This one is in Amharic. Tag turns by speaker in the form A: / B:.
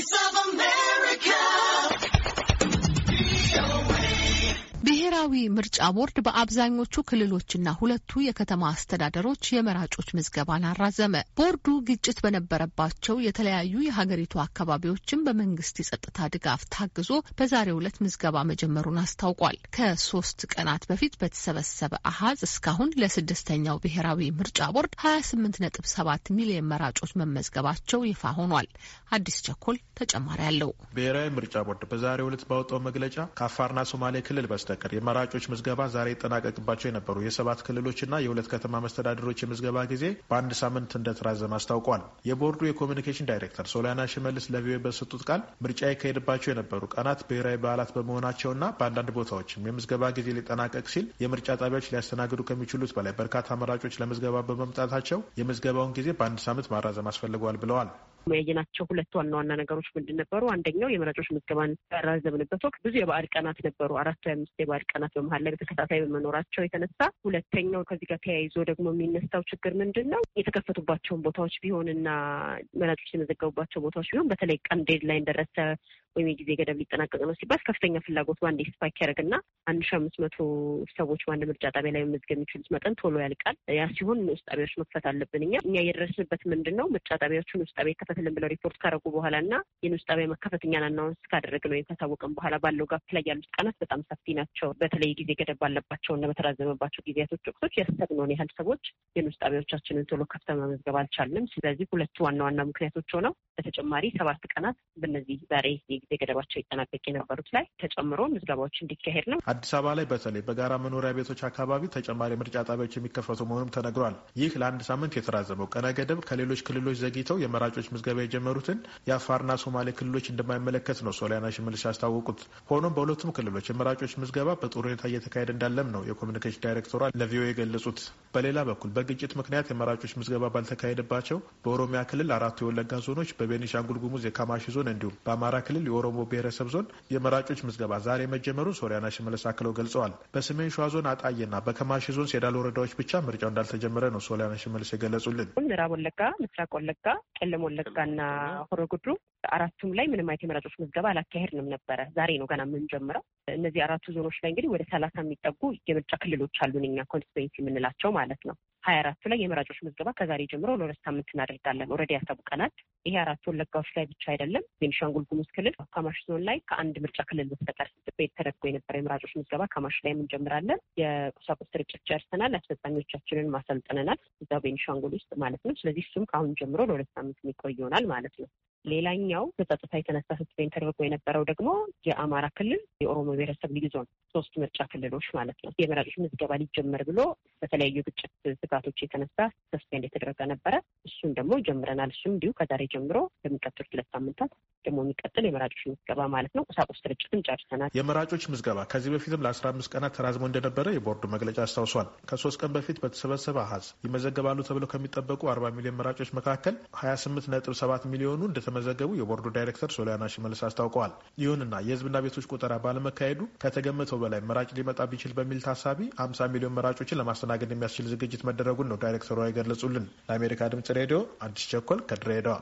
A: voice of ብሔራዊ ምርጫ ቦርድ በአብዛኞቹ ክልሎችና ሁለቱ የከተማ አስተዳደሮች የመራጮች ምዝገባን አራዘመ። ቦርዱ ግጭት በነበረባቸው የተለያዩ የሀገሪቱ አካባቢዎችም በመንግስት የጸጥታ ድጋፍ ታግዞ በዛሬው ዕለት ምዝገባ መጀመሩን አስታውቋል። ከሶስት ቀናት በፊት በተሰበሰበ አሀዝ እስካሁን ለስድስተኛው ብሔራዊ ምርጫ ቦርድ ሀያ ስምንት ነጥብ ሰባት ሚሊየን መራጮች መመዝገባቸው ይፋ ሆኗል። አዲስ
B: ቸኮል ተጨማሪ አለው። ብሔራዊ ምርጫ ቦርድ በዛሬው ዕለት ባወጣው መግለጫ ከአፋርና ሶማሌ ክልል በስተቀር መራጮች ምዝገባ ዛሬ ይጠናቀቅባቸው የነበሩ የሰባት ክልሎችና የሁለት ከተማ መስተዳድሮች የምዝገባ ጊዜ በአንድ ሳምንት እንደተራዘመ አስታውቋል። የቦርዱ የኮሚኒኬሽን ዳይሬክተር ሶሊያና ሽመልስ ለቪኦኤ በሰጡት ቃል ምርጫ ይካሄድባቸው የነበሩ ቀናት ብሔራዊ በዓላት በመሆናቸውና በአንዳንድ ቦታዎችም የምዝገባ ጊዜ ሊጠናቀቅ ሲል የምርጫ ጣቢያዎች ሊያስተናግዱ ከሚችሉት በላይ በርካታ መራጮች ለምዝገባ በመምጣታቸው የምዝገባውን ጊዜ በአንድ ሳምንት ማራዘም አስፈልገዋል ብለዋል። በጥናቱም ያየናቸው ሁለት ዋና
C: ዋና ነገሮች ምንድን ነበሩ? አንደኛው የመራጮች ምዝገባን ያራዘምንበት ወቅት ብዙ የበዓል ቀናት ነበሩ። አራት ወይ አምስት የበዓል ቀናት በመሀል ላይ በተከታታይ በመኖራቸው የተነሳ ሁለተኛው ከዚህ ጋር ተያይዞ ደግሞ የሚነሳው ችግር ምንድን ነው? የተከፈቱባቸውን ቦታዎች ቢሆንና መራጮች የመዘገቡባቸው ቦታዎች ቢሆን በተለይ ቀን ዴድላይን ደረሰ ወይም የጊዜ ገደብ ሊጠናቀቅ ነው ሲባል ከፍተኛ ፍላጎት በአንድ ስፓይክ ያደርግና አንድ ሺ አምስት መቶ ሰዎች በአንድ ምርጫ ጣቢያ ላይ መመዝገብ የሚችሉት መጠን ቶሎ ያልቃል። ያ ሲሆን ውስጥ ጣቢያዎች መክፈት አለብን። እኛ እኛ የደረስንበት ምንድን ነው ምርጫ ጣቢያዎቹን ውስጥ ጣቢያ አይደለም ብለው ሪፖርት ካደረጉ በኋላ እና የንስ ጣቢያ መከፈትኛን አናውንስ ካደረግ ወይም ካሳወቅን በኋላ ባለው ጋፕ ላይ ያሉት ቀናት በጣም ሰፊ ናቸው። በተለይ ጊዜ ገደብ ባለባቸው እና በተራዘመባቸው ጊዜያቶች ወቅቶች ያሰብነውን ያህል ሰዎች የንስ ጣቢያዎቻችንን ቶሎ ከፍተ መመዝገብ አልቻልንም። ስለዚህ ሁለቱ ዋና ዋና ምክንያቶች ሆነው በተጨማሪ ሰባት ቀናት በነዚህ ዛሬ የጊዜ ገደባቸው ይጠናቀቅ የነበሩት ላይ ተጨምሮ ምዝገባዎች እንዲካሄድ ነው።
B: አዲስ አበባ ላይ በተለይ በጋራ መኖሪያ ቤቶች አካባቢ ተጨማሪ ምርጫ ጣቢያዎች የሚከፈቱ መሆኑም ተነግሯል። ይህ ለአንድ ሳምንት የተራዘመው ቀነ ገደብ ከሌሎች ክልሎች ዘግይተው የመራጮች ምዝገባ የጀመሩትን የአፋርና ሶማሌ ክልሎች እንደማይመለከት ነው ሶሊያና ሽመልስ ያስታወቁት። ሆኖም በሁለቱም ክልሎች የመራጮች ምዝገባ በጥሩ ሁኔታ እየተካሄደ እንዳለም ነው የኮሚኒኬሽን ዳይሬክተሯ ለቪኦኤ የገለጹት። በሌላ በኩል በግጭት ምክንያት የመራጮች ምዝገባ ባልተካሄደባቸው በኦሮሚያ ክልል አራቱ የወለጋ ዞኖች፣ በቤኒሻንጉል ጉሙዝ የካማሺ ዞን እንዲሁም በአማራ ክልል የኦሮሞ ብሔረሰብ ዞን የመራጮች ምዝገባ ዛሬ መጀመሩን ሶሊያና ሽመልስ አክለው ገልጸዋል። በሰሜን ሸዋ ዞን አጣዬና በከማሺ ዞን ሴዳል ወረዳዎች ብቻ ምርጫው እንዳልተጀመረ ነው ሶሊያና ሽመልስ የገለጹልን።
C: ምዕራብ ወለጋ፣ ምስራቅ ወለጋ፣ ቄለም ወለጋና ሆሮ ጉድሩ አራቱም ላይ ምንም አይነት የመራጮች ምዝገባ አላካሄድንም ነበረ። ዛሬ ነው ገና የምንጀምረው። እነዚህ አራቱ ዞኖች ላይ እንግዲህ ወደ ሰላሳ የሚጠጉ የምርጫ ክልሎች አሉን እኛ ኮንስቲትዌንሲ የምንላቸው ማለት ነው። ሀያ አራቱ ላይ የመራጮች ምዝገባ ከዛሬ ጀምሮ ለሁለት ሳምንት እናደርጋለን። ኦልሬዲ ያሳውቀናል። ይሄ አራቱ ወለጋዎች ላይ ብቻ አይደለም። ቤኒሻንጉል ጉሙዝ ክልል ከማሽ ዞን ላይ ከአንድ ምርጫ ክልል በስተቀር ቤት ተደርጎ የነበረ የመራጮች ምዝገባ ከማሽ ላይ እንጀምራለን። የቁሳቁስ ስርጭት ጨርሰናል። አስፈጻሚዎቻችንን ማሰልጠነናል። እዛው ቤኒሻንጉል ውስጥ ማለት ነው። ስለዚህ እሱም ከአሁን ጀምሮ ለሁለት ሳምንት የሚቆይ ይሆናል ማለት ነው። ሌላኛው በጸጥታ የተነሳ ህዝብን ተደርጎ የነበረው ደግሞ የአማራ ክልል የኦሮሞ ብሔረሰብ ልዩ ዞን ሶስት ምርጫ ክልሎች ማለት ነው የመራጮች ምዝገባ ሊጀመር ብሎ በተለያዩ ግጭት ስጋቶች የተነሳ ሰስፔንድ የተደረገ ነበረ። እሱን ደግሞ ጀምረናል። እሱም እንዲሁ ከዛሬ ጀምሮ በሚቀጥሉት ሁለት ሳምንታት ደግሞ የሚቀጥል የመራጮች ምዝገባ ማለት ነው ቁሳቁስ ስርጭትን ጨርሰናል።
B: የመራጮች ምዝገባ ከዚህ በፊትም ለአስራ አምስት ቀናት ተራዝሞ እንደነበረ የቦርዱ መግለጫ አስታውሷል። ከሶስት ቀን በፊት በተሰበሰበ አሀዝ ይመዘገባሉ ተብለው ከሚጠበቁ አርባ ሚሊዮን መራጮች መካከል ሀያ ስምንት ነጥብ ሰባት ሚሊዮኑ እንደ እንደተመዘገቡ የቦርዱ ዳይሬክተር ሶሊያና ሽመልስ አስታውቀዋል። ይሁንና የህዝብና ቤቶች ቁጠራ ባለመካሄዱ ከተገመተው በላይ መራጭ ሊመጣ ቢችል በሚል ታሳቢ 50 ሚሊዮን መራጮችን ለማስተናገድ የሚያስችል ዝግጅት መደረጉን ነው ዳይሬክተሯ የገለጹልን። ለአሜሪካ ድምጽ ሬዲዮ አዲስ ቸኮል ከድሬዳዋ